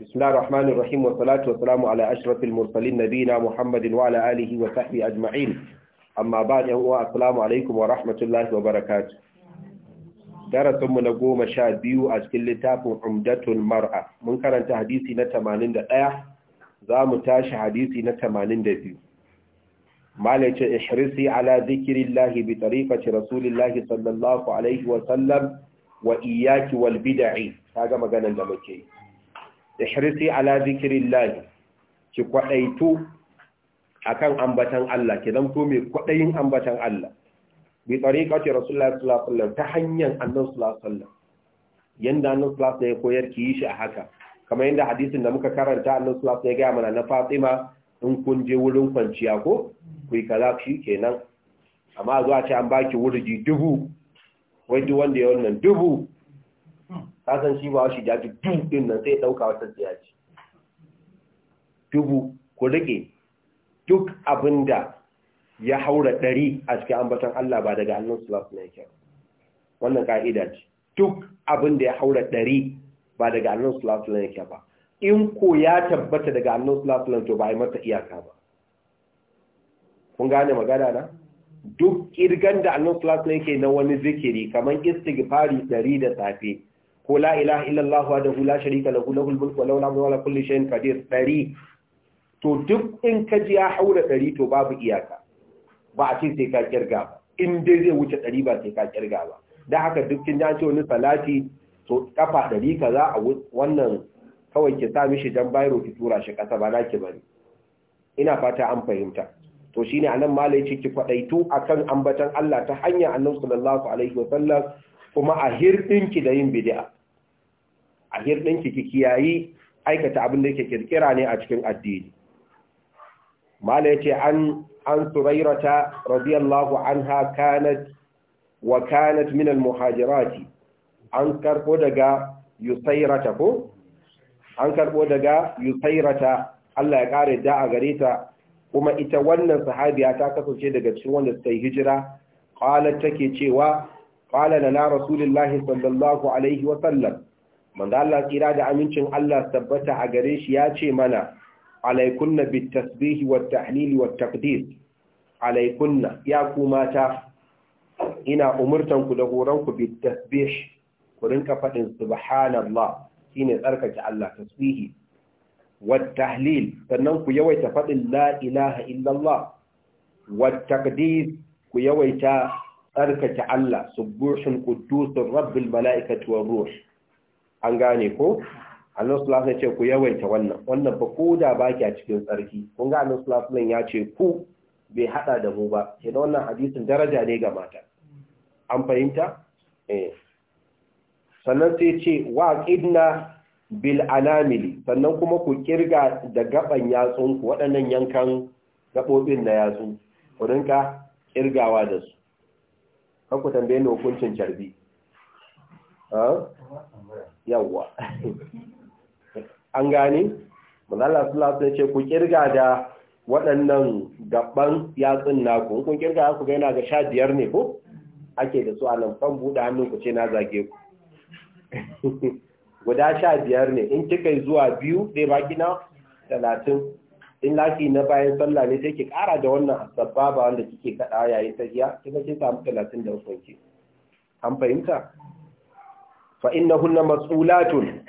بسم الله الرحمن الرحيم والصلاة والسلام على أشرف المرسلين نبينا محمد وعلى آله وصحبه أجمعين أما بعد هو السلام عليكم ورحمة الله وبركاته درس من قوم شابيو أشكل لتاب عمدة المرأة من كان حديثي نتمانين دقاء ذا متاش حديثي نتمانين دقاء مالك احرصي على ذكر الله بطريقة رسول الله صلى الله عليه وسلم وإياك والبدع هذا ما قال لنا ihrisi ala zikrillah ki kwadaitu akan ambatan Allah ki zanto mai kwadayin ambatan Allah bi tariqati rasulullah sallallahu alaihi wasallam ta hanyar annabi sallallahu alaihi wasallam yanda annabi sallallahu alaihi wasallam ya koyar ki yi shi a haka kamar yanda hadisin da muka karanta annabi sallallahu alaihi wasallam ya ga mana na Fatima in kun je wurin kwanciya ko ku kaza shi kenan amma zuwa ce an baki wurin dubu wai duk wanda ya wannan dubu kasan shi ba shi daji dun din nan sai dauka wata tsiyaci dubu ku rike duk abinda ya haura ɗari a cikin ambaton Allah ba daga Allah subhanahu wa ta'ala wannan ka'ida ce duk abinda ya haura ɗari ba daga Allah subhanahu wa ta'ala ba in ko ya tabbata daga Allah subhanahu wa ta'ala ba yi masa iyaka ba kun gane magana na duk kirgan da annan wa ta'ala ke na wani zikiri kamar istighfari ɗari da safe ko la ilaha illallah wa dahu la sharika lahu lahul mulku wa lahul hamdu wa ala kulli shay'in qadir dari to duk in ka ji ya haura dari to babu iyaka ba a ce sai ka kirga ba in dai zai wuce dari ba sai ka kirga ba dan haka duk kin ji ce wani salati to kafa dari kaza a wannan kawai ki sa mishi dan bayro ki tura shi kasa ba naki bari. ina fata an fahimta to shine anan malai ce ki kwadaitu akan ambatan Allah ta hanya Annabi sallallahu alaihi wasallam kuma a hirɗinki da yin bid'a a hirɗinki ki kiyayi aikata abin da yake kirkira ne a cikin addini mala yace an an surairata radiyallahu anha kanat wa kanat min muhajirati. an karbo daga yusairata ko an karbo daga yusairata Allah ya kare da a gare ta kuma ita wannan sahabiya ta kasance daga cikin wanda suka yi hijira qalat take cewa qala lana rasulullahi sallallahu alaihi wa sallam manzo Allah tsira da amincin Allah tabbata a gare shi ya ce mana alaikunna bit tasbih wat tahlil wat taqdis alaikunna ya ku mata ina umurtanku da horon ku bit tasbih ku rinka faɗin subhanallah Shi shine tsarkake Allah tasbihi wat tahlil sannan ku yawaita faɗin la ilaha illallah wat taqdis ku yawaita tsarkake Allah gushin kudusun rabbin mala’ika war ruwa an gane ko Allah su ce ku yawaita wannan wannan ba ko da baki a cikin tsarki kun ga Allah su alaihi ya ce ku bai hada da mu ba da wannan hadisin daraja ne ga mata an fahimta eh. sannan sai ce wa ƙidna bil anamili sannan kuma ku kirga da gaban yatsunku waɗannan yankan gabobin na yatsu ku rinka kirgawa da su an ku tambaye ni hukuncin carbi yawwa an gane mazala sulasun ce ku kirga da waɗannan gaban yatsun naku kun kirga ku ga yana ga sha biyar ne ko ake da su a nan kan buɗe hannun ku ce na zage ku guda sha biyar ne in kika zuwa biyu ɗaya baki na talatin in laki na bayan sallah ne sai ki kara da wannan asbaba wanda kike kada yayin ta kika kin samu da ki an fahimta fa innahunna mas'ulatun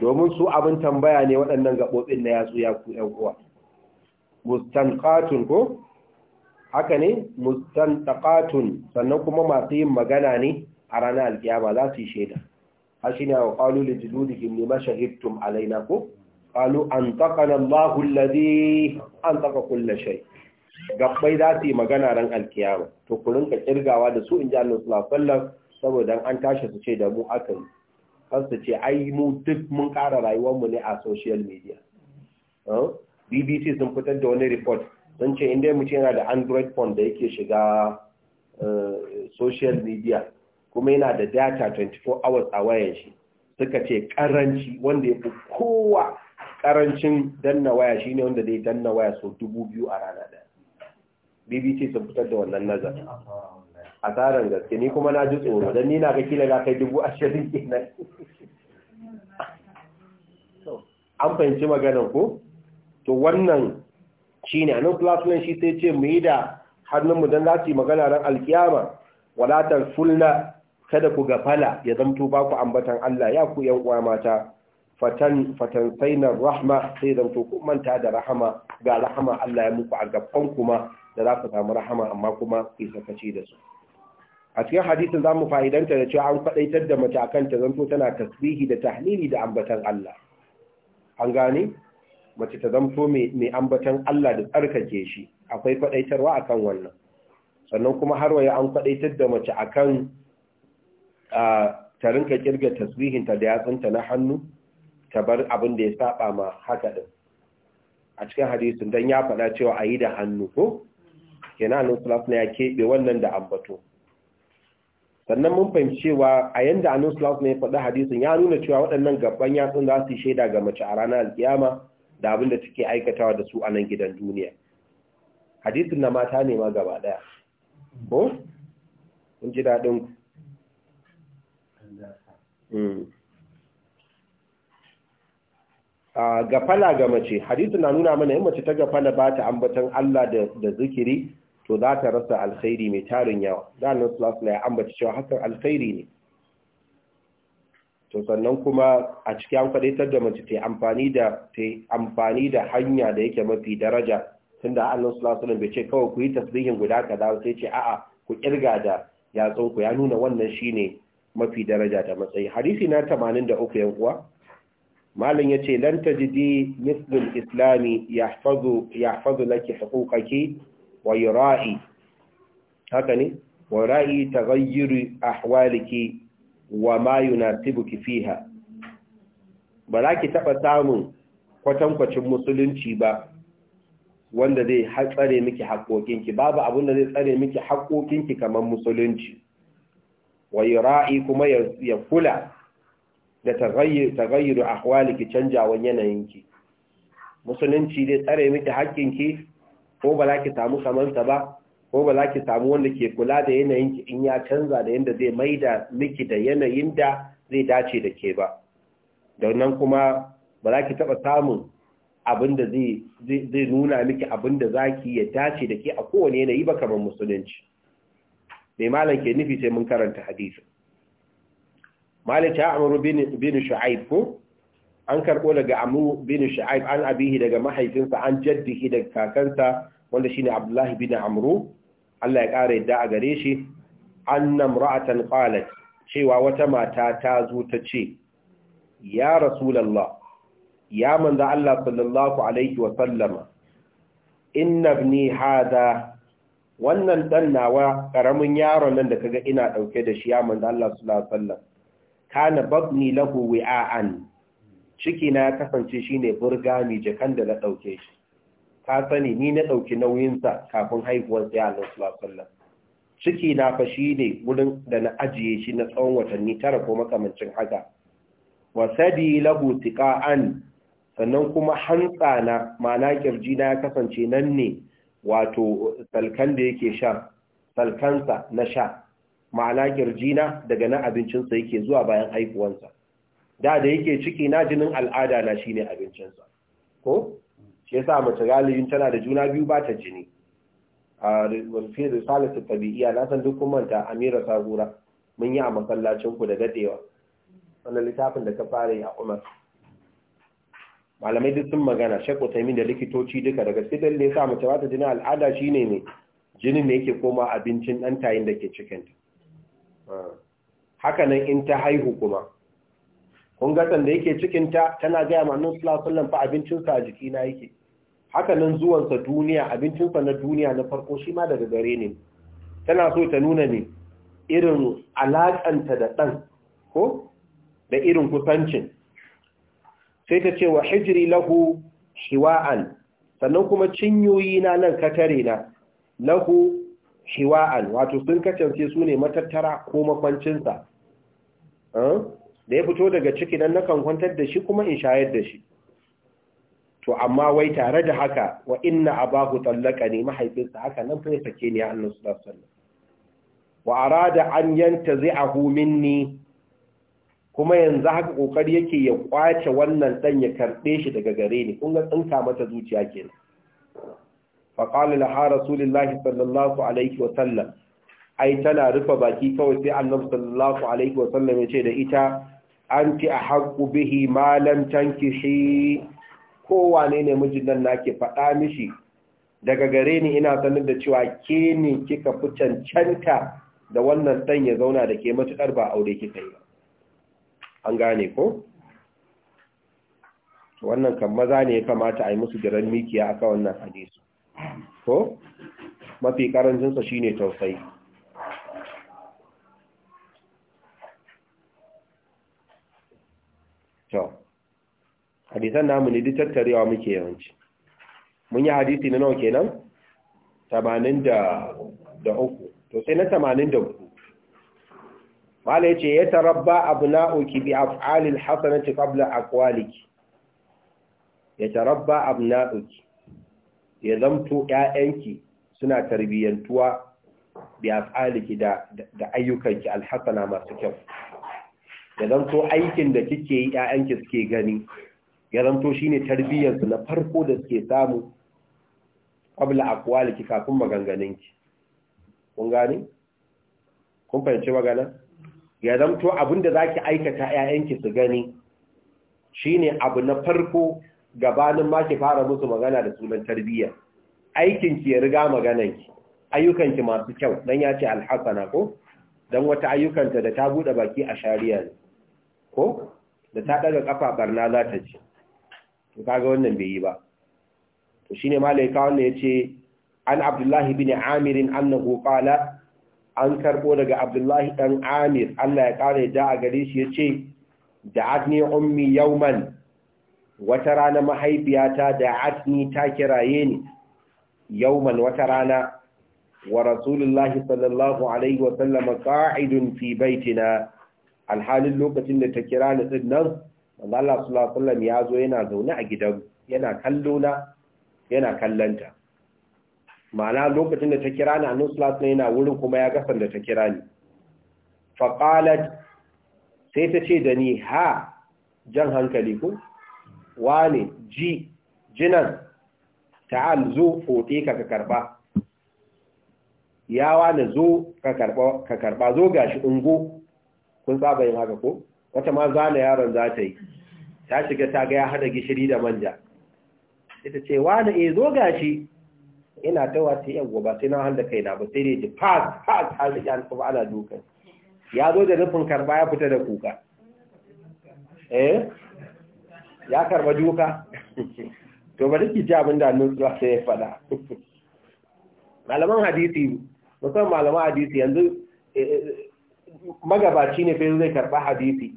domin su abin tambaya ne waɗannan gabobin na yatsu ya ku ɗan uwa mustanqatun ko haka ne mustanqatun sannan kuma masu yin magana ne a ranar alkiyama za su yi shaida har shi ne wa qalu li juludihim lima shahidtum alaina ko qalu antaqana Allahu alladhi antaqa kull shay gabbai za su yi magana ran alkiyama to ku rinka kirgawa da su inji Allah sallallahu alaihi saboda an tashi su ce da mu akan kan su ce ai mu duk mun ƙara rayuwar mu ne a social media BBC sun fitar da wani report sun ce inda mutum yana da Android phone da yake shiga social media kuma yana da data 24 hours a wayan shi suka ce karanci wanda ya fi kowa karancin danna waya shine wanda zai danna waya so dubu biyu a rana ɗaya bbc sun fitar da wannan nazar. A tsarin gaske ni kuma na ji tsoro don ni ga kila ga kai dubu ashirin kenan an fahimci maganin ko to wannan shi a nan plasman shi sai ce mu yi da hannunmu don za su yi magana ran alkiyama wadatar fulna kada ku gafala ya zamto ba ku ambatan Allah ya ku yan uwa mata fatan rahma sai da to da rahama ga rahama Allah ya muku a gaban kuma da za ku samu rahama amma kuma ku sakaci da su a cikin hadisin za mu fa'idanta da cewa an faɗaitar da mace akan ta zanto tana tasbihi da tahlili da ambatan Allah an gane mace ta zanto mai ambatan Allah da tsarkake shi akwai faɗaitarwa akan wannan sannan kuma har waya an faɗaitar da mace akan ta rinka kirga tasbihinta da yatsunta na hannu ta bar abin da ya saba ma haka din a cikin hadisin dan ya faɗa cewa a yi da hannu ko kenan annabi sallallahu alaihi ya keɓe wannan da ambato sannan mun fahimci cewa a yanda annabi sallallahu alaihi ya faɗa hadisin ya nuna cewa waɗannan gaban yatsun za su shaida ga mace a ranar alkiyama da abin da take aikatawa da su a nan gidan duniya hadisin na mata ne ma gaba ɗaya ko kun ji daɗin ku hmm. gafala ga mace hadisi na nuna mana yin mace ta gafala ba ta ambatan Allah da zikiri to za ta rasa alkhairi mai tarin yawa Da danin sulasula ya ambata cewa hakan alkhairi ne to sannan kuma a cikin an fadaitar da mace ta amfani da ta amfani da hanya da yake mafi daraja tunda Allah wasallam bai ce kawai ku yi tasbihin guda kaza sai ce a'a ku kirga da yatsun ku ya nuna wannan shine mafi daraja ta matsayi hadisi na 83 yan uwa malin ya ce lan tajidi mislul islami yahfazu laki huquqaki wa yura'i haka ne wa ra'i taghayyuri ahwaliki wa ma yunasibuki fiha ba za ki taɓa samun kwatankwacin musulunci ba wanda zai tsare miki haƙoƙinki babu abinda zai tsare miki haƙoƙinki kamar musulunci wa yura'i kuma ya kula da tagayyar ahwaliki canjawan yanayinki musulunci dai tsare miki haƙƙinki ko ba za ki samu samanta ba ko ba za ki samu wanda ke kula da yanayinki in ya canza da yanda zai maida miki da yanayin da zai dace da ke ba Da nan kuma ba za ki taɓa samun abin da zai nuna miki abin da za ki ya dace da ke a kowane yanayi ba kamar musulunci mai malam ke nufi sai mun karanta hadisin malik ya amru bin shu'aib ko an karɓo daga amru bin shu'aib an abihi daga mahaifinsa an jaddihi daga kakansa wanda shine abdullahi bin amru Allah ya ƙara yadda a gare shi anna imra'atan qalat cewa wata mata ta zo ta ce ya rasulullah ya manzo Allah sallallahu alaihi wa sallama inna ibni hada wannan dan nawa karamin yaron nan da kaga ina dauke da shi ya manzo Allah sallallahu alaihi wa sallama. kana babni lahu wi'a'an ciki na kasance shine burgami jakan da na dauke shi ka sani ni na dauki nauyin sa kafin haihuwar sai Allah sallallahu alaihi wasallam ciki na fa shine gurin da na ajiye shi na tsawon watanni tara ko makamancin haka wa sadi lahu tiqa'an sannan kuma hantsa na ma'ana kirji na ya kasance nan ne wato salkan da yake sha salkansa na sha ma'ana na daga na abincinsa yake zuwa bayan haifuwansa da da yake ciki na jinin al'ada na shine abincinsa ko shi yasa mace galibin tana da juna biyu ba ta jini a rufin risalatu tabi'iya na san duk manta Amira Sahura mun yi a masallacin da dadewa wannan littafin da ka fara yi a Umar malamai duk sun magana shakku taimin da likitoci duka daga sai ne, sa mace ba ta jini al'ada shine ne jinin ne yake koma abincin dan tayin da ke cikinta haka nan in ta haihu kuma kun ga sanda yake cikin ta tana gaya ma nan sallallahu fa abincin sa a jiki na yake haka nan zuwan duniya abincinsa na duniya na farko shi ma daga gare ne tana so ta nuna ne irin alaƙanta da ɗan ko da irin kusancin sai ta ce wa hijiri lahu shiwa'an sannan kuma cinyoyi na nan katare na lahu shiwa'an wato sun kacance su ne matattara ko makwancinsa da ya fito daga ciki don nakan kwantar da shi kuma in shayar da shi to amma wai tare da haka wa inna abahu tallaka ne mahaifinsa haka nan fa ya sake ni annabi sallallahu alaihi anyanta wa arada an yantazi'ahu minni kuma yanzu haka kokari yake ya kwace wannan dan ya karɓe shi daga gare ni kun tsinka mata zuciya kenan faƙali laha rasulullahi sallallahu alaihi wasallam ai tana rufe baki kawai sai annabi sallallahu alaihi wasallam ya ce da ita anti a haƙu bihi malam tankishi kowane ne mijin nan nake faɗa mishi daga gare ni ina sanar da cewa ke ne kika fi cancanta da wannan ɗan ya zauna da ke matuƙar ba aure kika yi ba an gane ko wannan kan maza ne ya kamata a yi musu jiran mikiya aka wannan hadisi ko mafi karancinsa shine tausayi to hadisan namu ne duk tattarewa muke yawanci mun yi hadisi na nawa kenan 83 to sai na 83 mala yace ya tarabba abna'uki bi af'alil hasanati qabla aqwaliki ya tarabba abna'uki ya zamto ƴaƴanki suna tarbiyyantuwa bi tsaliki da da ayyukanki alhasana masu kyau ya zamto aikin da kike yi ƴaƴanki suke gani ya zamto shine tarbiyyansu na farko da suke samu qabla aqwaliki kafin maganganunki kun gane kun fahimci magana ya zamto abinda zaki aikata ƴaƴanki su gani shine abu na farko gabanin ma ki fara musu magana da sunan tarbiyya aikin ki ya riga magana ki ayyukan ki masu kyau dan ya ce alhasana ko dan wata ayyukanta da ta bude baki a shari'a ne ko da ta daga kafa barna za ta ce to kaga wannan bai yi ba to shine ka wannan yace an abdullahi bin amir annahu qala an karbo daga abdullahi dan amir Allah ya kare da a gare shi yace da'atni ummi yawman wata rana mahaifiyata da atni ta kiraye ni yauman wata rana wa rasulullahi sallallahu alaihi wa sallama qa'idun fi baitina alhalin lokacin da ta kira ni din nan manzo Allah sallallahu alaihi wasallam ya zo yana zaune a gidan yana kallo na yana kallanta ma'ana lokacin da ta kira ni annabi sallallahu alaihi yana wurin kuma ya gafan da ta kira ni fa qalat sai ta ce da ni ha jan hankali ku wane ji jinan ta'al zo fote ka ka karba ya wane zo ka karba zo gashi ungo kun saba yin haka ko wata ma zana yaron za ta yi ta shiga ta ga ya hada gishiri da manja ita ce wane e zo gashi ina ta wata 'yan ba sai na handa kaina ba sai dai ji pass pass har da yan kuma ana dukan ya zo da rufin karba ya fita da kuka eh ya karba duka to ba duk ji abin da nutsuwa sai ya faɗa malaman hadisi musamman malaman hadisi yanzu eh, eh, magabaci ne fa zai karba hadisi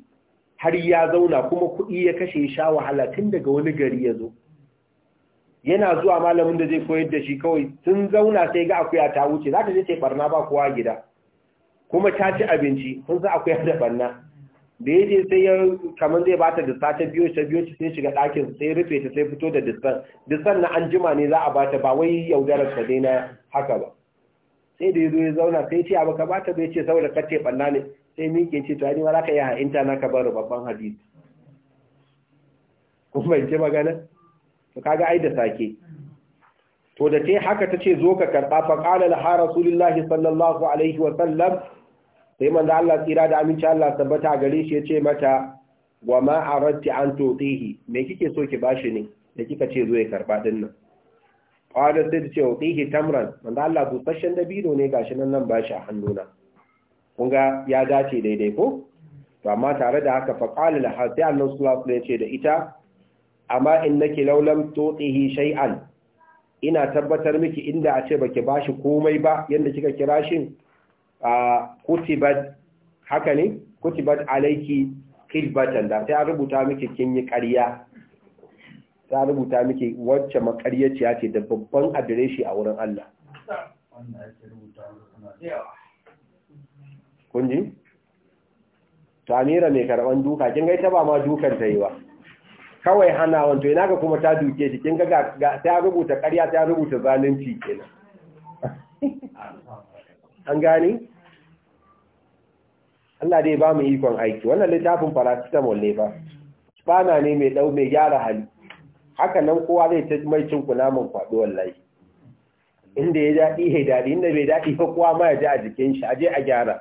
har ya zauna kuma kuɗi ya kashe sha wahala tun daga wani gari ya zo yana zuwa malamin da zai koyar da shi kawai tun zauna sai ga akuya ta wuce za ta je ce barna ba kowa gida kuma ta ci abinci sun sa akuya da barna da ya je sai ya kamar zai bata dissa ta biyo ta biyo sai shiga ɗakin sai rufe ta sai fito da dissan dissan na an jima ne za a bata ba wai yaudarar ta dai na haka ba sai da yazo ya zauna sai ce abu ka bata bai ce saboda ce banna ne sai mike ce ta ni ma zaka yi ha inta na ka bar babban hadisi kuma in ce magana to kaga ai da sake to da te haka tace zo ka karba fa qala la rasulullahi sallallahu alaihi wa sallam sai manzo Allah tsira da aminci Allah tabbata gare shi yace mata wa ma aratti an tutihi me kike so ki bashi ne da kika ce zo ya karba din nan qala sai ta ce tutihi tamran manzo Allah busasshen dabino ne gashi nan nan bashi a hannuna kun ga ya dace daidai ko to amma tare da haka fa qala la sai Allah sallallahu alaihi ce da ita amma innaki naki lam tutihi shay'an ina tabbatar miki inda a ce baki bashi komai ba yanda kika kira shi kutibat haka ne kutibat alaiki kilbatan da sai rubuta miki kin yi ƙarya ta rubuta miki wacce makaryaciya ce da babban adireshi a wurin Allah kunji ta amira mai karɓar duka kin ga ita ba ma dukan ta yi ba kawai hana wanto ina ga kuma ta duke shi kin ga ta rubuta ƙarya ta rubuta zalunci kenan an gane Allah dai ba mu ikon aiki wannan littafin paracetamol ne ba bana ne mai dau mai gyara hali haka nan kowa zai ta mai cin kunamin kwado wallahi inda ya daɗi ya daɗi inda bai daɗi ko kowa ma ya ji a jikin shi aje a gyara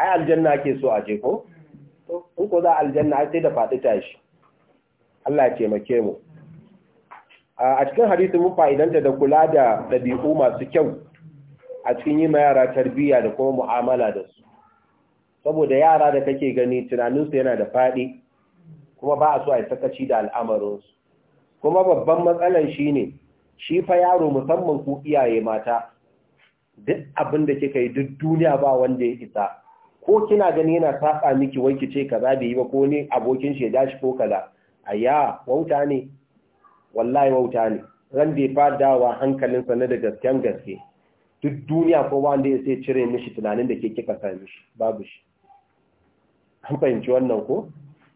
ai aljanna ke so a je ko in ko za aljanna sai da faɗi tashi Allah ya taimake mu a cikin hadisi mun fa'idanta da kula da ɗabi'u masu kyau a cikin yi ma yara tarbiyya da kuma mu'amala da su saboda yara da kake gani tunaninsu yana da faɗi kuma ba a so a yi sakaci da al'amarinsu kuma babban matsalan shi ne shi fa yaro musamman ku iyaye mata duk abin da kika yi duk duniya ba wanda ya isa ko kina gani yana saba miki wai kice kaza bai yi ba ko ne abokin shi ya dashi ko kaza aya wauta ne wallahi wauta ne ran bai fadawa hankalinsa na da gasken gaske duk duniya ko wanda ya sai cire mishi tunanin da ke kika sami shi babu shi an fahimci wannan ko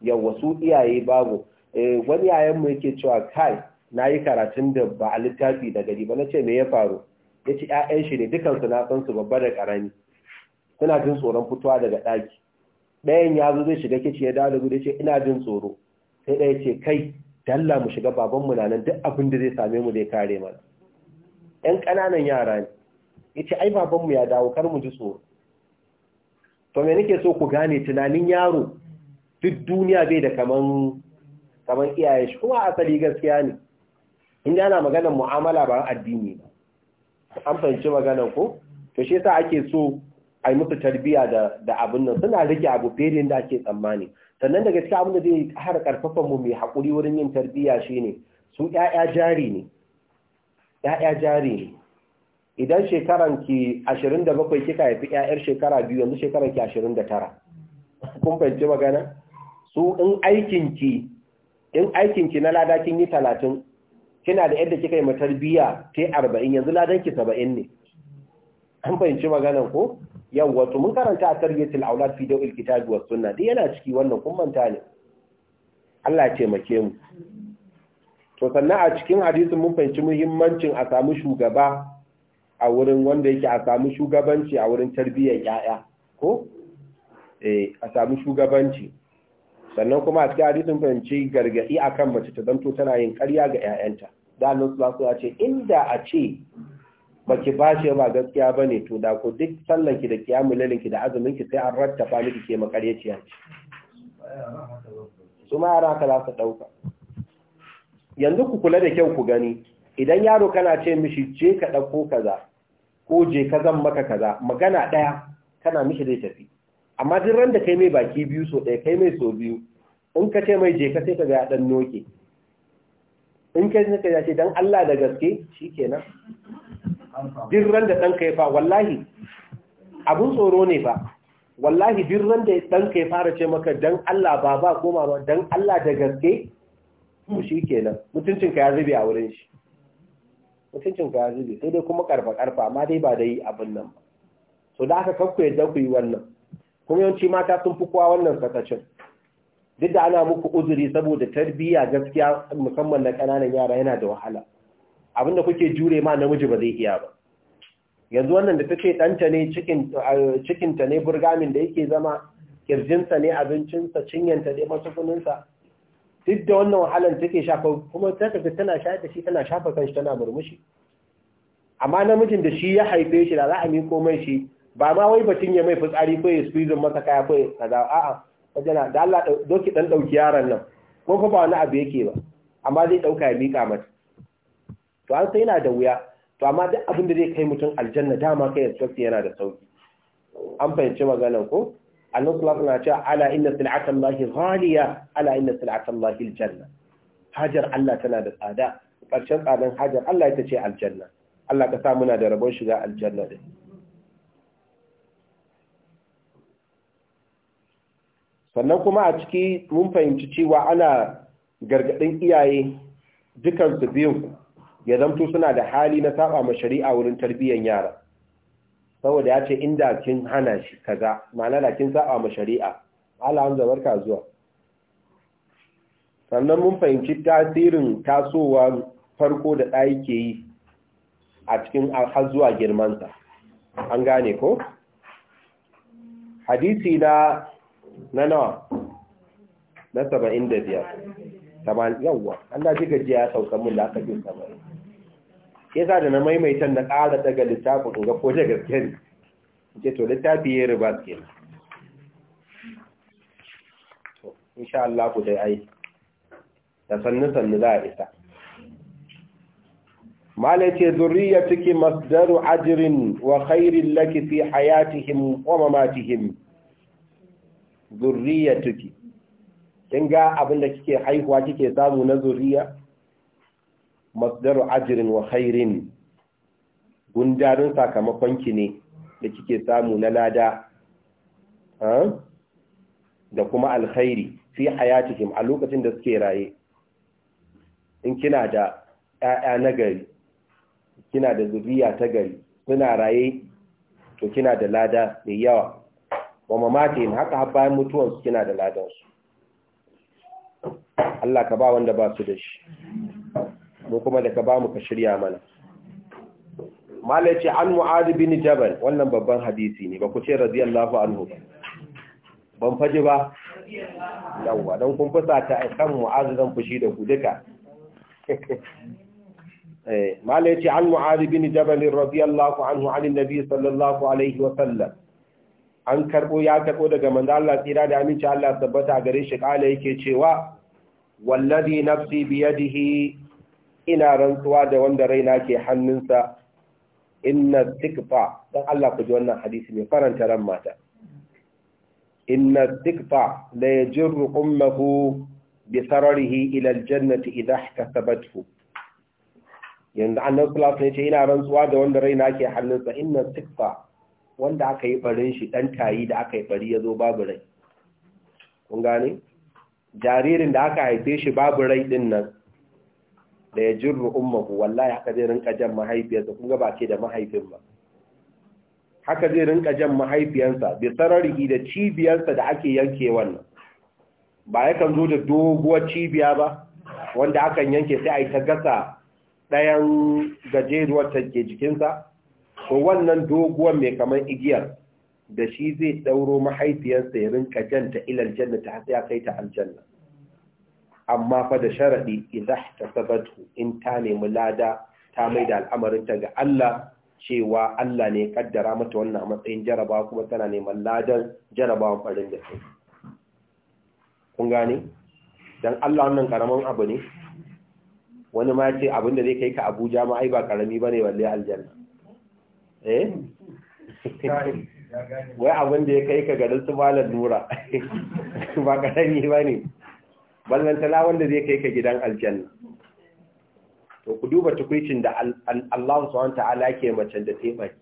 yawa wasu iyaye babu eh, wani yayan mu yake cewa kai na yi karatun da ba a littafi da gari ba na ce me ya faru ya ce 'ya'yan shi ne dukansu na san su babba da karami suna jin tsoron fitowa daga ɗaki ɗayan ya zo zai shiga kici ya dawo da gudu ce ina jin tsoro sai ɗaya ce kai dalla mu shiga babanmu na nan duk abin da zai same mu zai kare mana 'yan ƙananan yara ne yace ai babanmu ya dawo kar mu ji tsoro to me nake so ku gane tunanin yaro duk duniya bai da kaman kaman iyaye shi kuma asali gaskiya ne inda ana maganar mu'amala ba addini ba an fahimci maganar ko to shi yasa ake so a yi musu tarbiya da da abin nan suna rike abu fere da ake tsammani sannan daga cikin abin da zai har karfafa mu mai hakuri wurin yin tarbiya shine su ƴaƴa jari ne ƴaƴa jari ne idan shekaran ki 27 kika haifi ƴaƴar shekara biyu yanzu shekaran ki 29 kun fahimci magana su in aikin ki in aikin ki na lada kin yi 30 kina da yadda kika yi matarbiya ta 40 yanzu ladan ki 70 ne an fahimci magana ko yawa to mun karanta a tarbiyatul aulad fi dawil kitab wa sunna dai yana ciki wannan kun manta ne Allah ya taimake mu to sannan a cikin hadisin mun fahimci muhimmancin a samu shugaba a wurin wanda yake a samu shugabanci a wurin tarbiyyar yaya ko eh a samu shugabanci sannan kuma a cikin hadisin fahimci gargadi akan mace ta zanto tana yin ƙarya ga ƴaƴanta da Allah subhanahu wa ce inda a ce baki ki ba gaskiya ba ne. to da ko duk sallan da kiyamul lailin ki da azumin ki sai an rattafa miki ke makaryaciya su ma yara ka za yanzu ku kula da kyau ku gani idan yaro kana ce mishi je ka ɗauko kaza ko je ka zan maka kaza magana ɗaya kana mishi zai tafi amma duk ran da kai mai baki biyu so ɗaya kai mai so biyu in ka ce mai je ka sai ka ga ɗan noke in ka sai ka ce dan Allah da gaske shikenan duk ran da ɗan kai fa wallahi abun tsoro ne fa wallahi duk ran da ɗan kai fara ce maka dan Allah baba ko mama dan Allah da gaske to shikenan mutuncin ka ya zube a wurin shi mutuncin ka zube sai dai kuma karfa karfa amma dai ba dai abin nan ba so da aka kakku yadda ku yi wannan kuma yawanci mata sun fi kowa wannan sakacin duk da ana muku uzuri saboda tarbiyya gaskiya musamman na ƙananan yara yana da wahala abinda kuke jure ma namiji ba zai iya ba yanzu wannan da ta ce ɗanta ne eh, cikinta ne burgamin da yake zama kirjinsa ne abincinsa cinyanta ne masu kuninsa duk da wannan wahalar take shafa kuma ta kafa tana shayar da shi tana shafa kanshi tana murmushi amma namijin da shi ya haife shi da za a miko mai shi ba ma wai batun ya mai fitsari ko ya squeeze masa kaya ko ya a'a wajena da Allah doki dan dauki yaron nan ko fa ba wani abu yake ba amma zai dauka ya mika mata to an sai yana da wuya to amma duk abin da zai kai mutum aljanna dama kai ya yana da sauki an fahimci maganar ko annabi sallallahu na wasallam ala inna lahi ghaliya ala inna lahi aljanna hajar Allah tana da tsada ƙarshen tsadan hajar Allah ita ce aljanna Allah ka sa muna da rabon shiga aljanna din sannan kuma a ciki mun fahimci cewa ana gargaɗin iyaye dukansu biyu ya zamto suna da hali na saba ma shari'a wurin tarbiyyar yara saboda ya ce inda kin hana shi kaza ma'ana da kin saba ma shari'a Allah an zabar ka zuwa sannan mun fahimci tasirin tasowa farko da ɗaya ke yi a cikin har zuwa girmansa an gane ko hadisi na na nawa na 75 yawwa Allah ji gajiya ya sauka mun da aka fi 70 sa da na maimaitan na ƙara daga littafin in ga ko da gaske ne ce to littafi ya riba ke to insha Allah ku dai ai da sannu sannu za a isa malai ce zuriya ciki masdaru ajirin wa khairin laki fi hayatihim wa mamatihim zuriya ciki kin ga abin da kike haihuwa kike samu na zuriya masdaru ajirin wa khairin gundarin sakamakon ki ne da kike samu na lada da kuma alkhairi fi hayatikum a lokacin da suke raye in kina da ƴaƴa na gari kina da zuriya ta gari suna raye to kina da lada mai yawa wa in haka har bayan mutuwansu kina da su, Allah ka ba wanda ba su da shi mu kuma da ka ba mu ka shirya mana malaci an mu'ad bin jabal wannan babban hadisi ne ba ku ce radiyallahu anhu ba ban faji ba Yawwa don kun fusa a kan mu'ad zan fushi da ku duka eh, malaci an mu'ad bin jabal radiyallahu anhu an annabi sallallahu alaihi wa sallam an karbo ya karbo daga manzo Allah tsira da aminci Allah tabbata gare shi kala yake cewa wallazi nafsi biyadihi ina rantsuwa da wanda raina ke hannunsa inna tikfa don Allah ku ji wannan hadisi mai faranta ran mata inna tikfa la yajru ummuhu bi sararihi ila aljannati idha ihtasabathu yanzu annabi sallallahu alaihi wasallam ina rantsuwa da wanda raina ke hannunsa inna tikfa wanda aka yi barin shi dan tayi da aka yi bari yazo babu rai kun gane jaririn da aka haife shi babu rai din nan da ya jirru ummahu wallahi haka zai rinka jan mahaifiyarsa kun ga ba da mahaifin ba haka zai rinka jan mahaifiyarsa bi sararihi da cibiyarsa da ake yanke wannan ba yakan zo da doguwar cibiya ba wanda akan yanke sai a yi ta gasa ɗayan gajeruwar ke jikinsa Ko wannan doguwar mai kamar igiyar da shi zai ɗauro mahaifiyarsa ya rinka janta ilal jannata ta, sai ya kai ta aljanna amma fa da sharadi idza tasabathu in ta nemi lada ta mai da al'amarin ta ga Allah cewa Allah ne kaddara mata wannan a matsayin jarabawa kuma tana neman ladan jarabawan farin da kai kun gane dan Allah wannan karaman abu ne wani ma ce abin da zai kai ka Abuja ma ai ba karami bane balle aljanna eh wai abin da ya kai ka garin su malar nura ba karami ba ne ballantana wanda zai kai ka gidan aljanna to ku duba tukuicin da Allah subhanahu ta'ala ke macen da tebari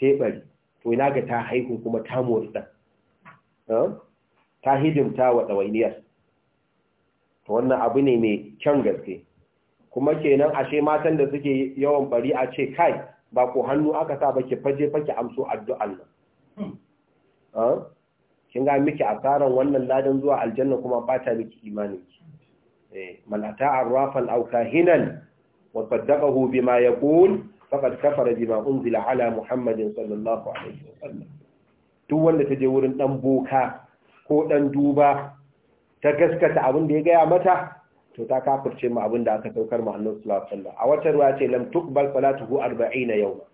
tebari to ina ga ta haihu kuma ta motsa ta hidimta wa tsawainiyar to wannan abu ne mai kyan gaske kuma kenan ashe matan da suke yawan bari a ce kai ba ko hannu aka sa ba ke faje fake amso addu'an nan hmm. kin ga miki asaran wannan ladan zuwa aljanna kuma bata miki imani eh man ata'a hinan, aw kahinan wa saddaqahu bima yaqul faqad kafara bima unzila ala muhammadin sallallahu alaihi wasallam duk wanda taje wurin dan boka ko dan duba ta gaskata abin da ya gaya mata to ta kafirce mu abin da aka saukar mu annabi sallallahu alaihi wasallam a wata ruwa ce lam tuqbal salatuhu 40 yawma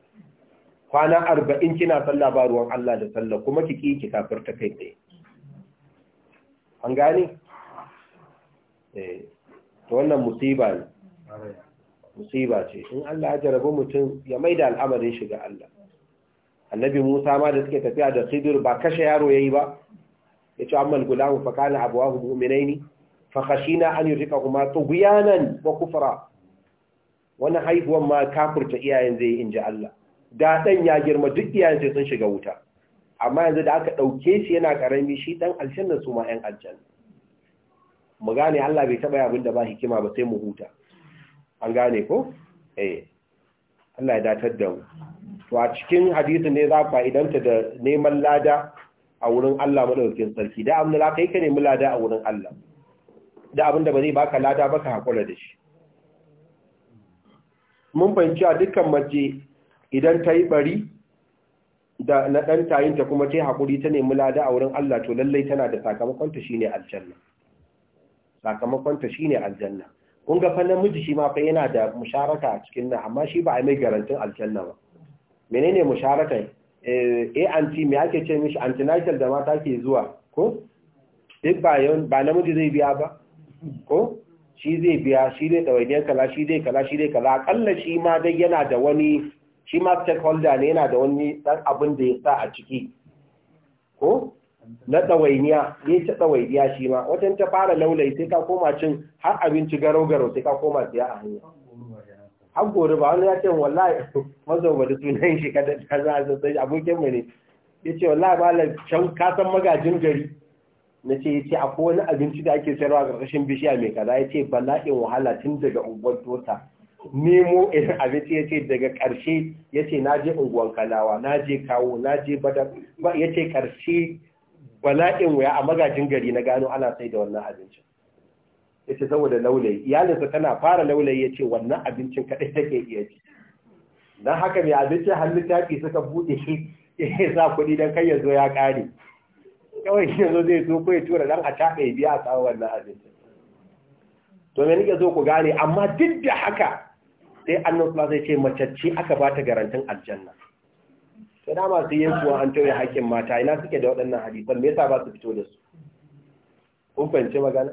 kwana arba'in kina sallah ba ruwan Allah da sallah kuma ki ƙi ki ta kai an gane eh, ta wannan musiba ne musiba ce in Allah ya rabu mutum ya maida al'amarin shiga Allah annabi Musa ma da suke tafiya da Khidir ba kashe yaro ya yi ba yace amman gulamu fa kana abawahu mu'minaini fa na an yurikahuma tughyanan wa kufra Wani haihuwan ma kafurta iyayen zai inji Allah da ɗan ya girma duk iyayen sai sun shiga wuta amma yanzu da aka ɗauke shi yana ƙarami shi ɗan aljanna su ma ‘yan aljanna mu gane Allah bai taɓa abin da ba hikima ba sai mu huta an gane ko eh Allah ya datar da mu to a cikin hadisin ne za fa'idanta da neman lada a wurin Allah madaukakin sarki da amna la kai ka nemi lada a wurin Allah da abin da ba zai baka lada ba ka hakura da shi mun fahimci a dukkan mace idan ta yi bari da na ɗan tayinta kuma ta yi haƙuri ta nemi lada a wurin Allah to lallai tana da sakamakonta shi ne aljanna sakamakonta shi ne aljanna kun ga fa namiji shi ma fa yana da musharaka a cikin nan amma shi ba a mai garantin aljanna ba Mene ne musharaka eh, eh anti me ake ce mishi antenatal da mata ke zuwa ko duk ba ba namiji zai biya ba ko shi zai biya shi zai ɗawainiyar kala shi zai kala shi zai kala aƙalla shi ma dai yana da wani shi ma stakeholder ne yana da wani ɗan abin da ya sa a ciki ko na tsawainiya? ne ta tsawainiya shi ma wajen ta fara laulai sai ka koma cin har abinci garau-garau sai ka koma siya a hanya har gori ba wani ya ce wallahi mazo ba da sunan shi kada ta za a sassan abokin mai ne ya ce wallahi ba la can ka san magajin gari na ce ya ce akwai wani abinci da ake sayarwa a ƙarƙashin bishiya mai kaza ya ce bala'in wahala tun daga unguwar tota nemo irin abinci ya ce daga ƙarshe ya ce na je unguwan kalawa na je kawo na je badar ya ce ƙarshe bala'in wuya a magajin gari na gano ana sai da wannan abincin ya ce saboda laulayi iyalinsa tana fara laulayi ya ce wannan abincin kaɗai take iya ci don haka mai abincin hannun tafi suka buɗe shi ya sa kuɗi don kai yanzu ya ƙare kawai yanzu zai zo ko ya tura dan a taɓa ya biya a tsawon wannan abincin Domin ya zo ku gane amma duk da haka sai annan sula zai ce macacci aka ba ta garantin aljanna to da masu yin suwa an tauye haƙƙin mata ina suke da waɗannan hadisan me yasa ba su fito da su kun fahimci magana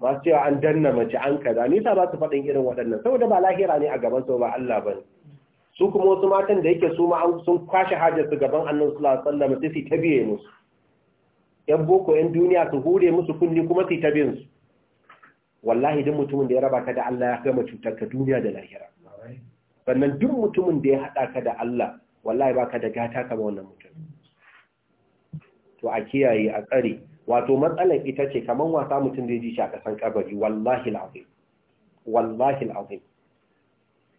masu cewa an danna mace an kaza me yasa ba su faɗin irin waɗannan saboda ba lahira ne a gaban su ba Allah bane su kuma wasu matan da yake su ma sun kwashe hajar su gaban annan sula sallama sai su ta biye musu yan boko yan duniya su hure musu kunni kuma su ta musu su wallahi duk mutumin da ya raba ka da Allah ya gama cutar ka duniya da lahira sannan duk mutumin da ya haɗa ka da Allah wallahi baka da gata kama wannan mutum to a kiyaye a tsare wato matsalar ita ce kaman wasa mutum da ya ji shi a kasan kabari wallahi alazim wallahi alazim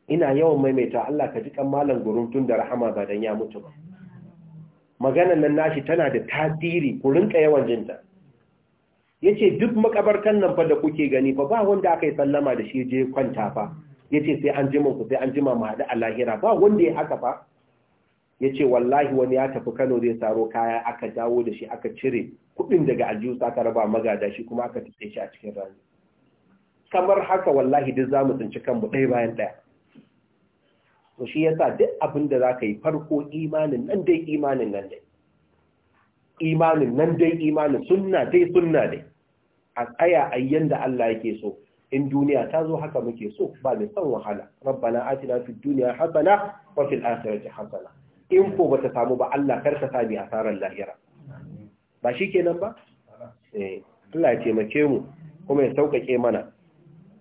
ina yawan maimaita Allah ka ji kan malam tun da rahama ba dan ya mutu ba maganar nan nashi tana da tasiri ku rinka yawan jinta Ya ce duk makabartan nan fa da kuke gani ba, ba wanda aka yi sallama da shi je kwanta fa ce sai an jima ku sai an jima mu haɗu a lahira ba wanda ya haka fa ce wallahi wani ya tafi Kano zai saro kaya aka dawo da shi aka cire kuɗin daga aljihu ka raba magada shi kuma aka tafi shi a cikin rani kamar haka wallahi duk zamu tsinci kanmu ɗaya bayan ɗaya to shi yasa duk abin da ka yi farko imanin nan dai imanin nan dai imanin nan dai imanin sunna dai sunna dai a tsaya a yanda Allah yake so in duniya ta zo haka muke so ba mai son wahala rabbana atina fid dunya hasana wa fil akhirati hasana in ko bata samu ba Allah kar sa sami asaran lahira ba shikenan ba eh Allah ya taimake mu kuma ya saukake mana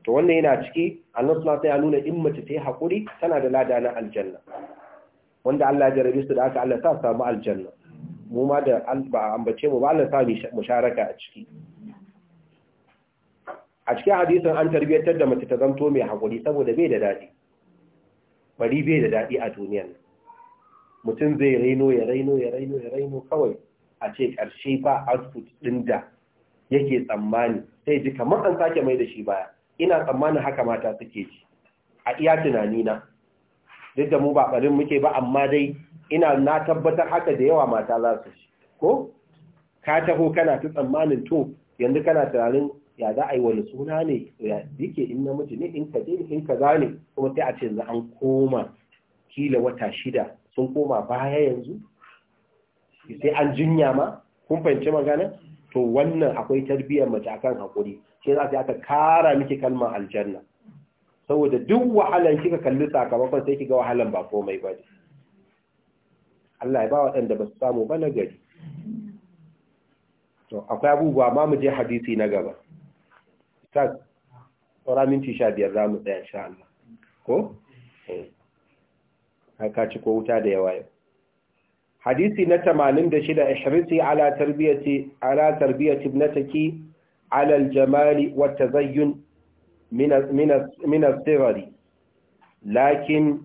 to wannan yana ciki Allah subhanahu ya nuna in mace ta yi hakuri tana da lada na aljanna wanda Allah ya jarabe su da aka Allah ta samu aljanna mu ma da ba ambace mu ba Allah ta mu sharaka a ciki a cikin hadisin an tarbiyyantar da mace ta zanto mai haƙuri saboda bai da daɗi bari bai da daɗi a duniya. mutum zai raino ya raino ya raino ya raino kawai a ce ƙarshe ba output ɗin da yake tsammani sai ji kamar an sake mai da shi baya ina tsammanin haka mata suke ji a iya tunani na duk da mu ba ɓarin muke ba amma dai ina na tabbatar haka da yawa mata za su ci ko ka taho kana ta tsammanin to yanzu kana tunanin ya za a yi wani suna ne ya dike in namiji ne in kaje in kaza ne kuma sai a ce yanzu an koma kila wata shida sun koma baya yanzu sai an jinya ma kun fahimci magana to wannan akwai tarbiyyar mace akan hakuri shi yasa aka kara miki kalmar aljanna saboda duk wahalar kika kalli sakamakon sai kiga wahalar ba komai ba Allah ya ba waɗanda ba su samu ba na gari to akwai abubuwa ma mu je hadisi na gaba ustaz tsora minti sha biyar sha Allah ko? Eh. haka ci ko wuta da yawa yau hadisi na 86 ihrisi ala tarbiyati ala tarbiyati ibnataki ala aljamal wa tazayyun min min as-sighari lakin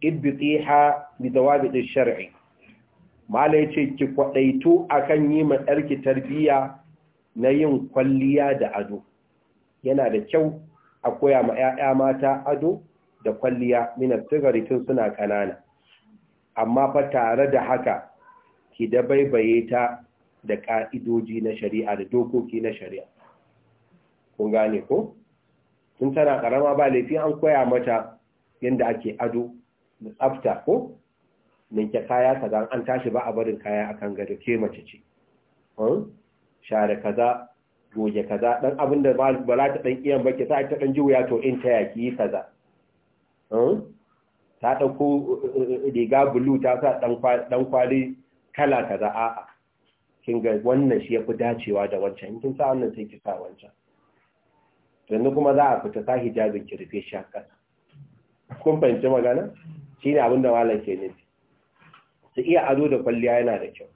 idbitiha bi dawabit ash-shar'i mala yace ki kwadaitu akan yi ma ɗarki tarbiyya. na yin kwalliya da ado yana da kyau a koya ma 'ya'ya mata ado da kwalliya minas sigari tun suna kanana amma fa tare da haka ki da baibaye ta da ƙa'idoji na shari'a da dokoki na shari'a kun gane ko tun tana karama ba laifi an koya mata yadda ake ado da tsafta ko ninke kaya kaza an tashi ba a barin kaya akan gado ke mace ce hmm? share kaza goge kaza dan abin da ba za ta dan iyan ba ke sa ta dan ji to in ta yaki kaza hmm? ta dauko eh, eh, riga bulu ta sa ɗan kwali kala kaza a'a kin ga wannan shi ya dacewa da wancan kin sa wannan sai ki sa wancan yanzu kuma za a fita sa hijabin ki rufe shi haka kun fahimci magana shine abin da malam ke nufi su iya ado da kwalliya yana da kyau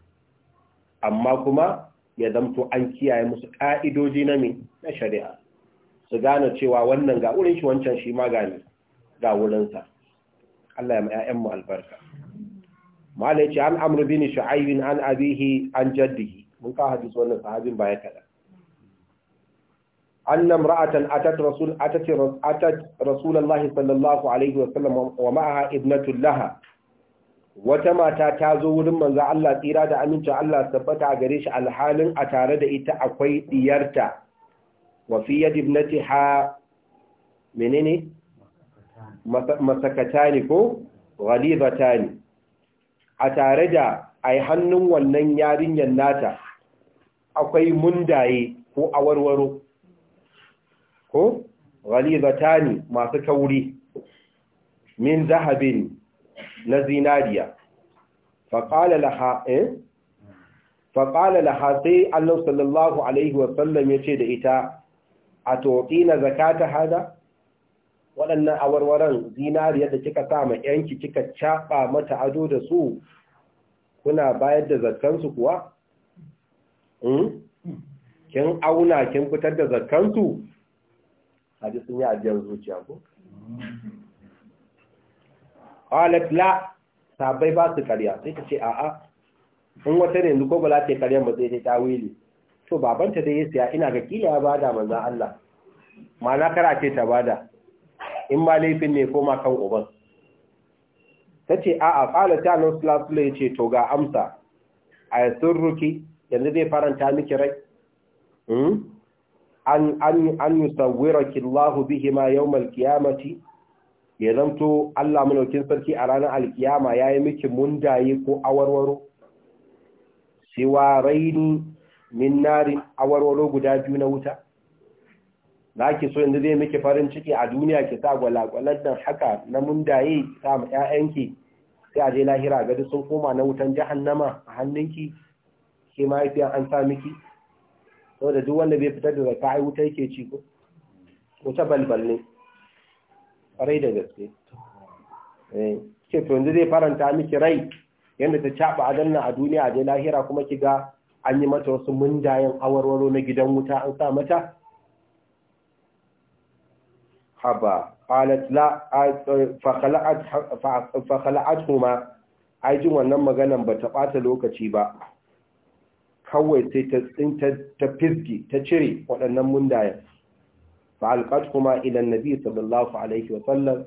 amma kuma ya zamto an kiyaye musu ka'idoji na mai na shari'a su gane cewa wannan ga wurin shi wancan shi ma ga wurinsa Allah ya ma 'ya'yanmu albarka ya ce an amru bin shu'aibin an abihi an jaddihi mun ka hadisi wannan sahabin baya kada an nan ra’atan rasul atat rasulallah sallallahu alaihi wa wa ma'aha ibnatullaha wata mata ta zo wurin manzo Allah tsira da amincin Allah tabbata a gare shi alhalin a tare da ita akwai diyarta wa fi yadi ibnatiha menene masakatani ko ghalibatani a tare da ai hannun wannan yarinyar nata akwai mundaye ko awarwaro ko ghalibatani masu kauri min zahabin na zinariya faƙala laha in eh? faƙala laha sai Allah sallallahu alaihi wasallam ya ce da ita a toƙi na zakata hada waɗannan awarwaran zinariya da kika sa ma yanki kika caɓa mata ado da su kuna bayar da zakansu kuwa? Hmm? kin auna kin fitar da zakkansu? hadisun ya ajiyar zuciya ko? qalat la sabai ba karya sai ta ce a'a in wata ne yanzu ko ba za ta karya ba sai ta dawili. to babanta dai ya siya ina ga kila ya bada manzon Allah mana kara ce ta bada in ma laifin ne ko ma kan uban tace a'a qala ta nan sulasula yace to ga amsa ay surruki yanzu zai faranta miki rai hmm? an an an yusawwiraki Allah bihima yawm al-qiyamati ya zamto Allah malaukin sarki a ranar alkiyama ya yi miki mundaye ko awarwaro siwa raini min narin awarwaro guda biyu na wuta za ki so yanzu zai miki farin ciki a duniya ki sa gwalagwalar da haka na mundaye sa ma 'ya'yanki sai a je lahira gadi sun koma na wutan jahannama a hannunki ke mahaifiyar an sa miki saboda duk wanda bai fitar da zaka wuta yake ci ko wuta balbal ne kwarai da gaske ke eh, to yanzu zai faranta miki rai yadda ta caɓa adan a duniya a lahira kuma ki ga an yi mata wasu mundayen awarwaro na gidan wuta an sa mata haba qalat fakhala'at fakhala'at wannan maganan ba ta ɓata lokaci ba kawai sai ta tsinta ta fisgi ta cire waɗannan mundayen فألقتهما إلى النبي صلى الله عليه وسلم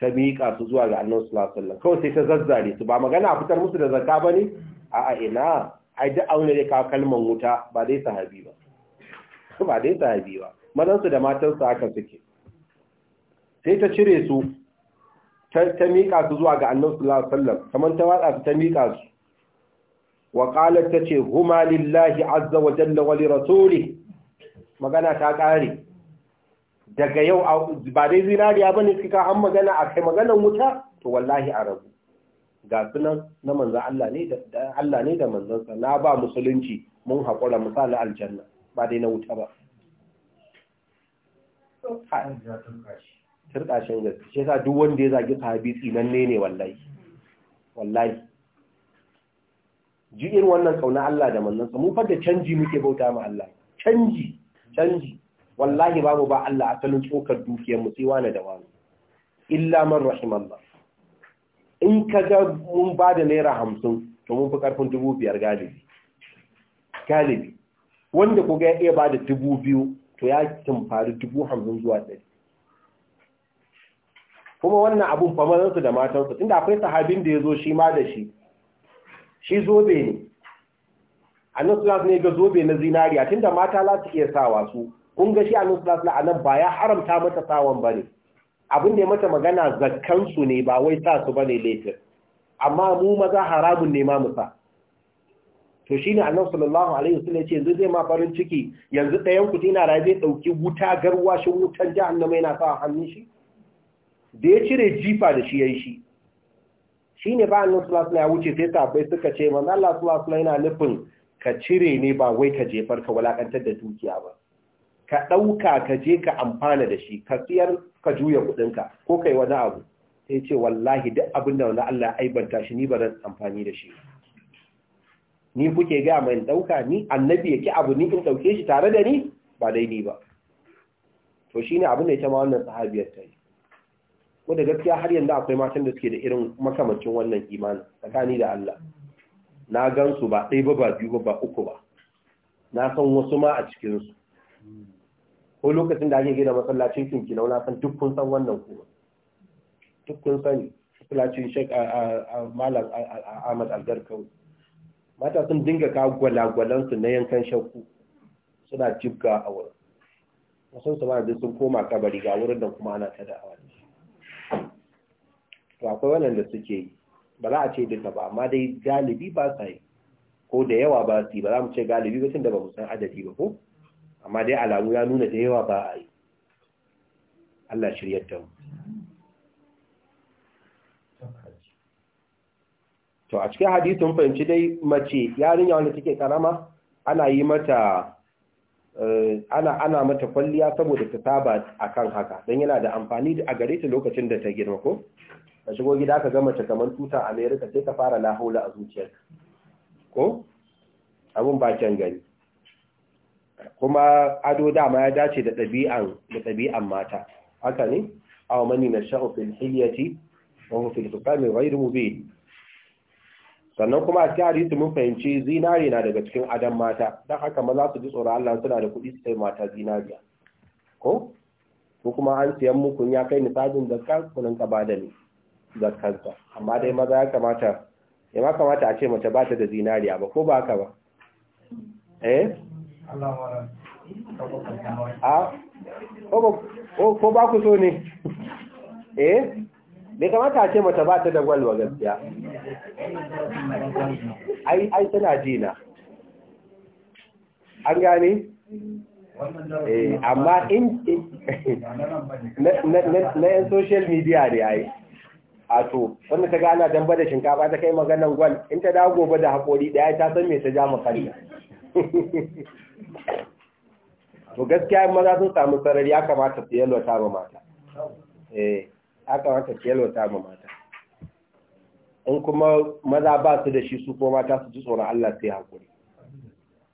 ta miƙa su zuwa ga annabi sallallahu alaihi kawai sai ta zazzare su ba magana a fitar musu da zakka bane a a ina ai da aune ne ka kalman wuta ba dai sahabi ba ba dai sahabi ba mazan su da matan su haka suke sai ta cire su ta miƙa su zuwa ga annabi sallallahu alaihi kamar ta watsa su ta miƙa su wa qalat tace huma lillahi azza wa jalla wa li rasuli magana ta ƙare daga yau ba dai zinariya ba ne suka an magana a kai maganan wuta to wallahi a rabu ga sunan na manzan Allah ne da manzansa na ba musulunci mun haƙura misali aljanna ba dai na wuta ba turkashin gaske shi sa duk wanda ya zagi sahabi tsinanne ne wallahi wallahi ji irin wannan kauna Allah da manzansa mu fadda canji muke bauta ma Allah canji canji wallahi babu ba Allah a sanin tsokar dukiyar mu sai wani da wani illa man rahimallah in ka ga mun ba da naira hamsin to mun fi karfin dubu biyar galibi galibi wanda ku ga ya iya ba da dubu biyu to ya tumfari dubu hamsin zuwa ɗari kuma wannan abun famanansu da matansu inda akwai sahabin da ya zo shi ma da shi shi zobe ne nan su ne ga zobe na zinariya tunda mata za su iya sawa su kun ga shi annabi sallallahu alaihi wasallam ba ya haramta mata sawan bane abin da ya mata magana zakkan su ne ba wai sa su bane laifin amma mu maza haramun ne ma musa sa to shine annabi sallallahu alaihi wasallam ce yanzu zai ma farin ciki yanzu ɗayan ku dina raye zai dauki wuta garwa shi wutan jahannama yana sa hannun shi da ya cire jifa da shi yayi shi shine ba annabi sallallahu alaihi wasallam ya wuce sai sahabbai suka ce manzo Allah sallallahu alaihi wasallam yana nufin ka cire ne ba wai ka jefar ka walakantar da dukiya ba ka ɗauka ka je ka amfana da shi ka siyar ka juya kuɗinka ko kai wani abu sai ce wallahi duk abin da wani Allah aibanta shi ni ba amfani da shi ni kuke ga mai ɗauka ni annabi yake abu ni in ɗauke shi tare da ni ba dai ni ba to shine abin da ya tama wannan sahabiyar ta yi ko da gaskiya har yanzu akwai matan da suke da irin makamancin wannan imanin tsakani da Allah na gan su ba ɗaya ba ba biyu ba ba uku ba na san wasu ma a cikinsu ko lokacin da ake gina masallacin kinki na san duk kun san wannan kuma duk kun san masallacin shek a malam ahmad algarkau mata sun dinga ka su na yankan shakku suna jibga a wurin musan su ma sun koma kabari ga wurin da kuma ana ta da'awa da to akwai wannan da suke yi ba za a ce duka ba amma dai galibi ba sa yi ko da yawa ba su yi ba za mu ce galibi ba tun da ba mu san adadi ba ko amma dai alamu ya nuna da yawa ba a yi Allah shiryar ta to a cikin hadisin fahimci dai mace yarinya wanda take karama ana yi mata eh, ana ana mata kwalliya saboda ta saba akan haka don yana da amfani a gare ta lokacin da ta girma ko ka shigo gida ka ga mace kamar tutar America sai ka fara lahola a zuciyarka ko abun ba gani kuma ado dama ya dace da ɗabi'an da ɗabi'an mata haka ne aw mani nasha'u fil hiliyati wa huwa fil hukami ghayr mubin sannan kuma a cikin hadisi mun fahimci zinari na daga cikin adam mata don haka maza su ji tsoro Allah suna da kuɗi su sai mata zinariya ko ko kuma an siyan muku ya kai nisabin zakka kunan ka bada ne zakkansa amma dai maza ya kamata ya kamata a ce mace ba ta da zinariya ba ko ba haka ba eh ko ba ku so ne eh bai kamata ce mata ba ta da gwalwa gaskiya ai ai tana jina an gani. Eh, amma in na yan social media ne ai a to wanda ta gana don bada shinkafa ta kai maganan gwal in ta dago gobe da haƙori ɗaya ta san me ta ja makalla to gaskiya maza sun samu sarari ya kamata su yalwata ma mata eh ya kamata su yalwata ma mata in kuma maza ba su da shi su ko mata su ji tsoron Allah sai hakuri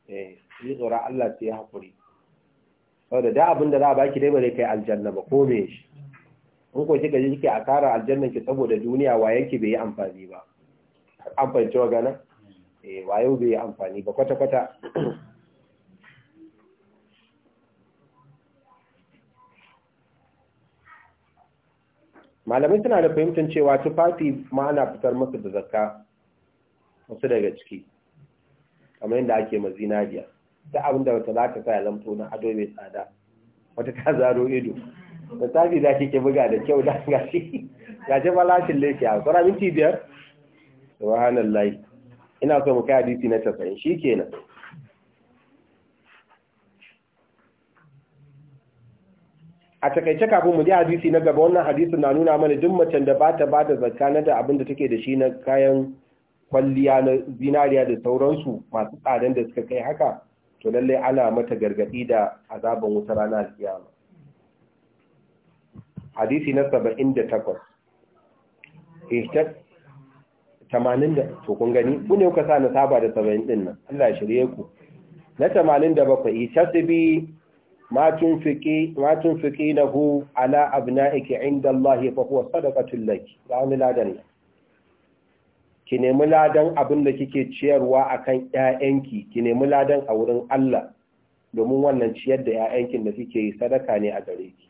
eh su ji tsoron Allah sai hakuri saboda da abin da za a baki dai ba kai aljanna ba ko me shi in ko kika ji kike asara aljannan ki saboda duniya wa yake bai yi amfani ba an fahimci wa gana Eh, wayo bai amfani ba kwata-kwata malamai suna da fahimtar cewa tufafi ma ana fitar musu da zakka wasu daga ciki kamar yadda ake ma zinariya ta abin da wata za ta sa ya lamto na ado mai tsada wata ta zaro ido da tafi za ke buga da kyau da gashi gashi ba lashin laifi a tsara minti biyar subhanallah ina so mu kai hadisi na 90 shikenan a takaice kafin mu ji hadisi na gaba wannan hadisi na nuna mana duk macen da bata bada zakka na da abin da take da shi na kayan kwalliya na zinariya da sauransu masu tsadan da suka kai haka to lallai ana mata gargadi da azaban wuta rana alkiyama hadisi na 78 tamanin da to kun gani ku ne kuka sa na saba da saba'in din nan Allah shirye ku na tamanin da bakwai tasibi ma tunfiki ma tunfiki nahu ala abna'iki inda Allah fa huwa sadaqatul laki ya wani ladan ki nemi ladan abin da kike ciyarwa akan ƴaƴanki ki nemi ladan a wurin Allah domin wannan ciyar da 'ya'yankin da kike yi sadaka ne a gare ki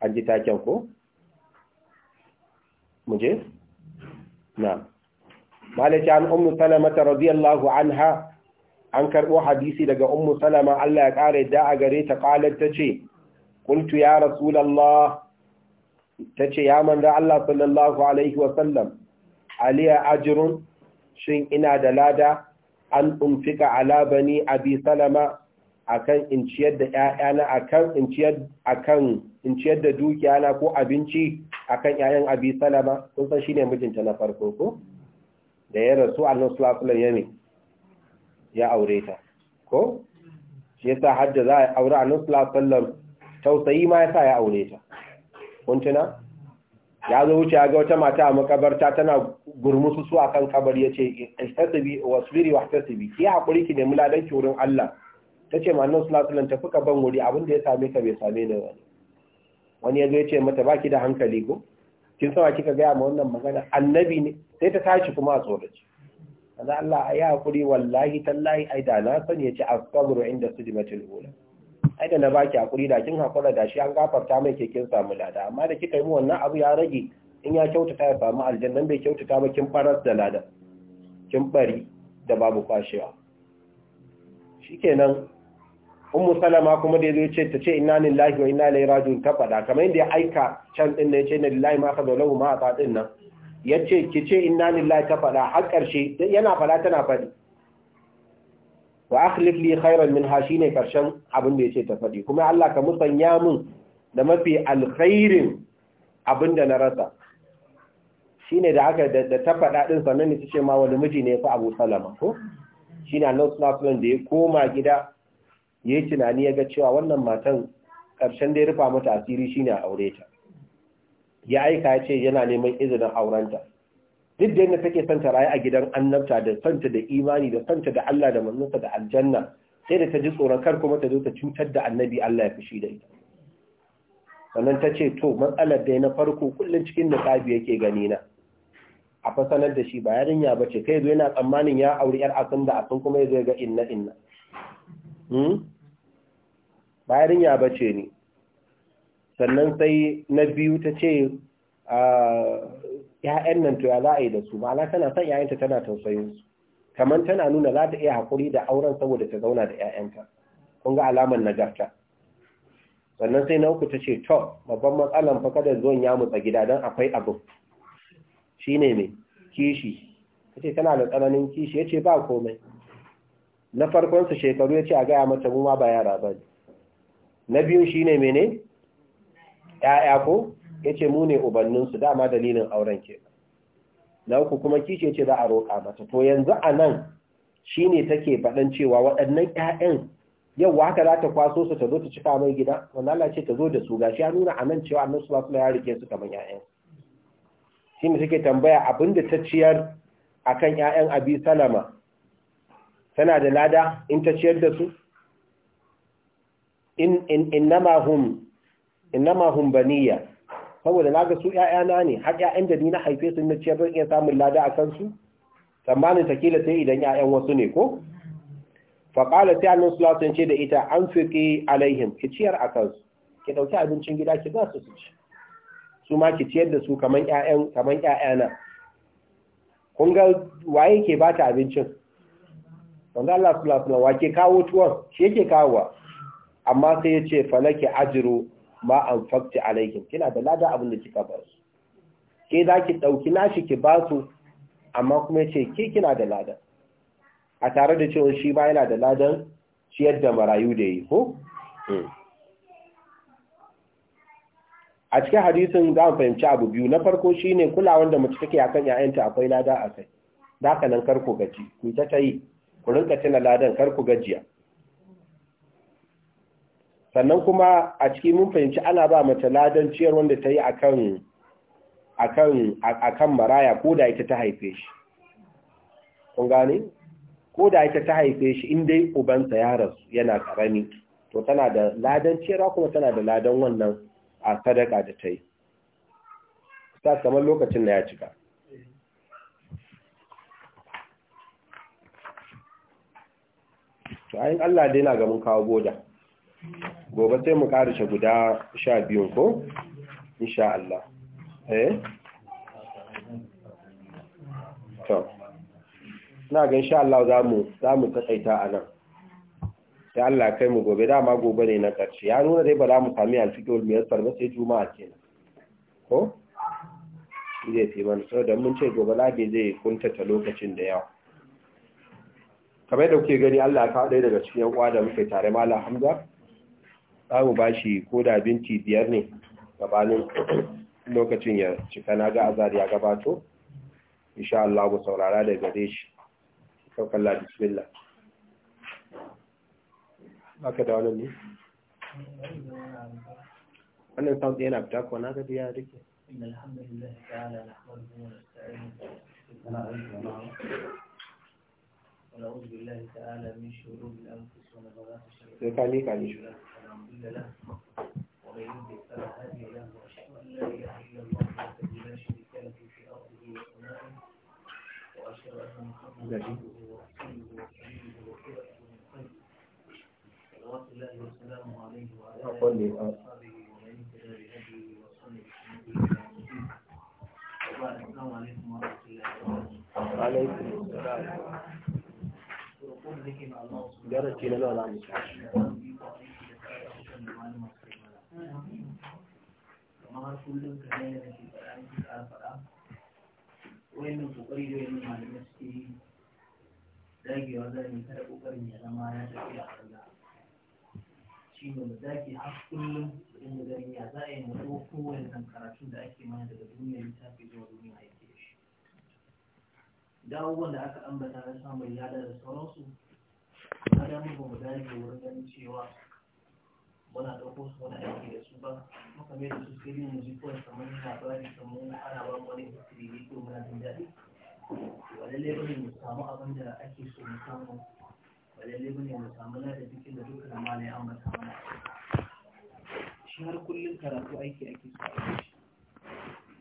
an ji taken ko mu je na'am malaki an ummu salama ta radiyallahu anha an karbo hadisi daga ummu salama Allah ya kare da a gare ta qalat tace qultu ya rasulullah tace ya manzo Allah sallallahu alaihi wa sallam aliya ajrun shin ina da lada an umfika ala bani abi salama akan in ciyar da ƴaƴana akan in ciyar akan in ciyar da dukiyana ko abinci akan yayan abi salama kun san shine mijinta na farko ko da ya rasu annabi sallallahu alaihi ya aure ta ko shi yasa hajja za a aure annabi sallallahu alaihi tausayi ma yasa ya aure ta kun tuna ya zo wuce ga wata mata a makabarta tana gurmusu su akan kabari yace ihtasibi wasbiri wahtasibi ki hakuri ki nemi ladan ki wurin Allah tace ma annabi sallallahu alaihi wasallam tafi ka ban wuri abin da ya same ka bai same ni ba wani ya zo ya ce mata baki da hankali ko kin sawa kika gaya ma wannan magana annabi ne sai ta tashi kuma a tsoraci ana Allah a yi haƙuri wallahi tallahi ai da na sani ya ce a sabru inda su jimatin hula ai da na baki hakuri da kin haƙura da shi an gafarta mai ke kin samu lada amma da kika yi wannan abu ya rage in ya kyautata ya samu aljannan bai kyautata ba kin faras da lada kin bari da babu kwashewa shikenan ummu salama kuma da yazo ce ta ce inna lillahi wa inna ilaihi raji'un ta fada kamar inda ya aika can din da yace inna lillahi ma khadha lahu ma ata din nan yace ki ce inna lillahi ta fada har karshe yana fada tana fadi wa akhlif li khairan min shine karshen abin da yace ta faɗi. kuma Allah ka musanya mun da mafi alkhairin abin da na rasa shine da aka da ta fada din sannan ne ce ma wani miji ne fa Abu Salama ko shine Allah sallallahu da ya koma gida ya yi tunani ya ga cewa wannan matan ƙarshen da ya rufa mata asiri shine a aure ta ya aika ya ce yana neman izinin aurenta duk da yadda take son ta rayu a gidan annabta da santa da imani da santa da Allah da manzansa da aljanna sai da ta ji tsoron kar kuma ta zo ta cutar da annabi Allah ya fushi da ita sannan ta ce to matsalar da na farko kullum cikin da ya yake gani na a fasanar da shi ba yarinya bace kai zo yana tsammanin ya auri yar asan da asan kuma ya zo ga inna inna hmm? bayarin ya bace ni sannan sai na biyu ta ce ‘ya'yan nan to ya za a yi da su ma’ala tana son ‘ya'yanta tana tausayin su kamar tana nuna za ta iya haƙuri da auren saboda ta zauna da ‘ya'yanta kun ga alamar nagarta sannan sai na uku ta ce to babban matsalan fa kada zuwan ya mutsa gida don akwai abu shi ne mai kishi ta ce tana da tsananin kishi ya ce ba komai na farkonsu shekaru ya ce a gaya mata mu ma ba yara ba ne na biyu shine mene ƴaƴa ko Ya ce mu ne ubanninsu dama dalilin auren ke na uku kuma kishe ce za a roƙa mata to yanzu anan shine take faɗan cewa waɗannan ƴaƴan yau haka za ta kwaso su ta zo ta cika mai gida wanda Allah ce ta zo da su gashi ya nuna a nan cewa annabi sallallahu alaihi wasallam ya rike su kamar ƴaƴan Shi ne take tambaya abinda ta ciyar akan ƴaƴan Abi Salama tana da lada in ta ciyar da su in in innama hum innama baniya saboda ga su ƴaƴana ne har ƴaƴan da ni na haife su na ciyar iya samun lada a kansu tsammanin takila sai idan ƴaƴan wasu ne ko fa qala sai annabi sallallahu ce da ita an fiqi alaihim ki ciyar a kansu ki ɗauki abincin gida ki ba su su ci su ma ki ciyar da su kamar ƴaƴan kaman ƴaƴana kun ga waye ke bata abincin wanda Allah sallallahu wa ke kawo tuwon shi yake kawowa amma sai ya ce falaki ajiru ma an fakti alaikin kina da lada abin da kika ba su ke za ki ɗauki nashi ki ba su amma kuma ya ce ke kina da lada a tare da cewa shi ba yana da ladan ciyar da marayu da yi ko? Hmm. a cikin hadisin za mu fahimci abu biyu na farko shi ne kulawan da mace take akan 'ya'yanta akwai lada a kai da haka nan karku gaji ku ta tayi ku rinka tuna ladan karku gajiya sannan kuma a ciki mun fahimci ana ba mace ladan ciyar wanda ta yi a kan maraya ko da ita ta haife shi kun gani ko da ita ta haife shi in dai ubansa ya rasu yana karami to tana da ladan ciyarwa kuma tana da ladan wannan a sadaka da ta yi ta kamar lokacin na ya cika to ayin Allah dai na gamin kawo goda gobe sai mu karishe guda sha biyun ko insha Allah eh to na ga insha Allah za mu za mu tsaita a nan sai Allah kai mu gobe dama gobe ne na ƙarshe ya nuna dai ba za mu sami alfiqul miyassar ba sai juma'a kenan ko zai fi mana da mun ce gobe labe zai kuntata lokacin da yawa kamar da kuke gani Allah ya kawo daga cikin yan uwa da muke tare ma Hamza za ba shi ko da binti biyar ne gabanin lokacin ya cika na ga azar ya gabato insha Allah ku saurara da gare shi saukan la bismillah haka da Wannan ne wannan yana fita ko na gaji ya rike مضل ومن يضلل فلا هادي له واشهد ان لا اله الا الله له في ارضه وسمائه واشهد ان محمدا عبده ورسوله وحبيبه وقرته من خير صلوات الله وسلامه عليه وعلى اله واصحابه ومن اهتدى بهديه وسنه وبعد السلام ورحمه الله وبركاته وعليكم السلام جرت الى الاولى shi ne mu zaki har kullum idan da ya za a yi mutu kowane wannan karatun da ake mana daga duniyar littafi zuwa duniya aiki da shi da abubuwan da aka ambata na samun yada da sauransu na da mu ba mu dage wurin ganin cewa muna ɗauko su wani aiki da su ba muka mai da su sai mu ji kawai kamar labari kamar ana wani hikiri ko muna jin daɗi Wani lallai ba ne mu samu abin da ake so mu samu ba lalle bane mu samu ladan cikin da dukkan malai an ba samu shi har kullum karatu aiki ake so a shi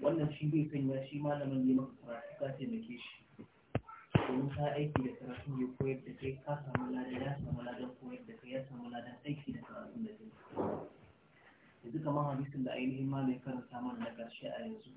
wannan shi bai sanya shi malamin ne maka karatu ka taimake shi domin ka aiki da karatu ya koyar da kai ka samu lada ya samu ladan koyar da kai ya samu ladan aiki da karatu da kai yanzu kamar hadisin da ainihin malai karanta mana na ƙarshe a yanzu